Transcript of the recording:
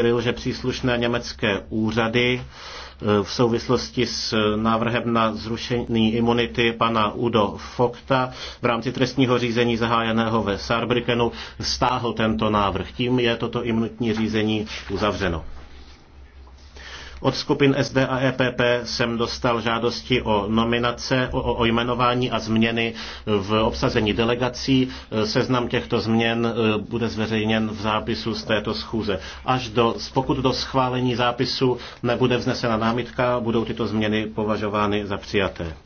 sdělil, že příslušné německé úřady e, v souvislosti s návrhem na zrušení imunity pana Udo Fokta v rámci trestního řízení zahájeného ve Saarbrückenu stáhl tento návrh. Tím je toto imunitní řízení uzavřeno. Od skupin SD a EPP jsem dostal žádosti o nominace, o, o jmenování a změny v obsazení delegací. Seznam těchto změn e, bude zveřejněn v zápisu z této schůze. Až do, pokud do schválení zápisu nebude vznesena námitka, budou tyto změny považovány za přijaté.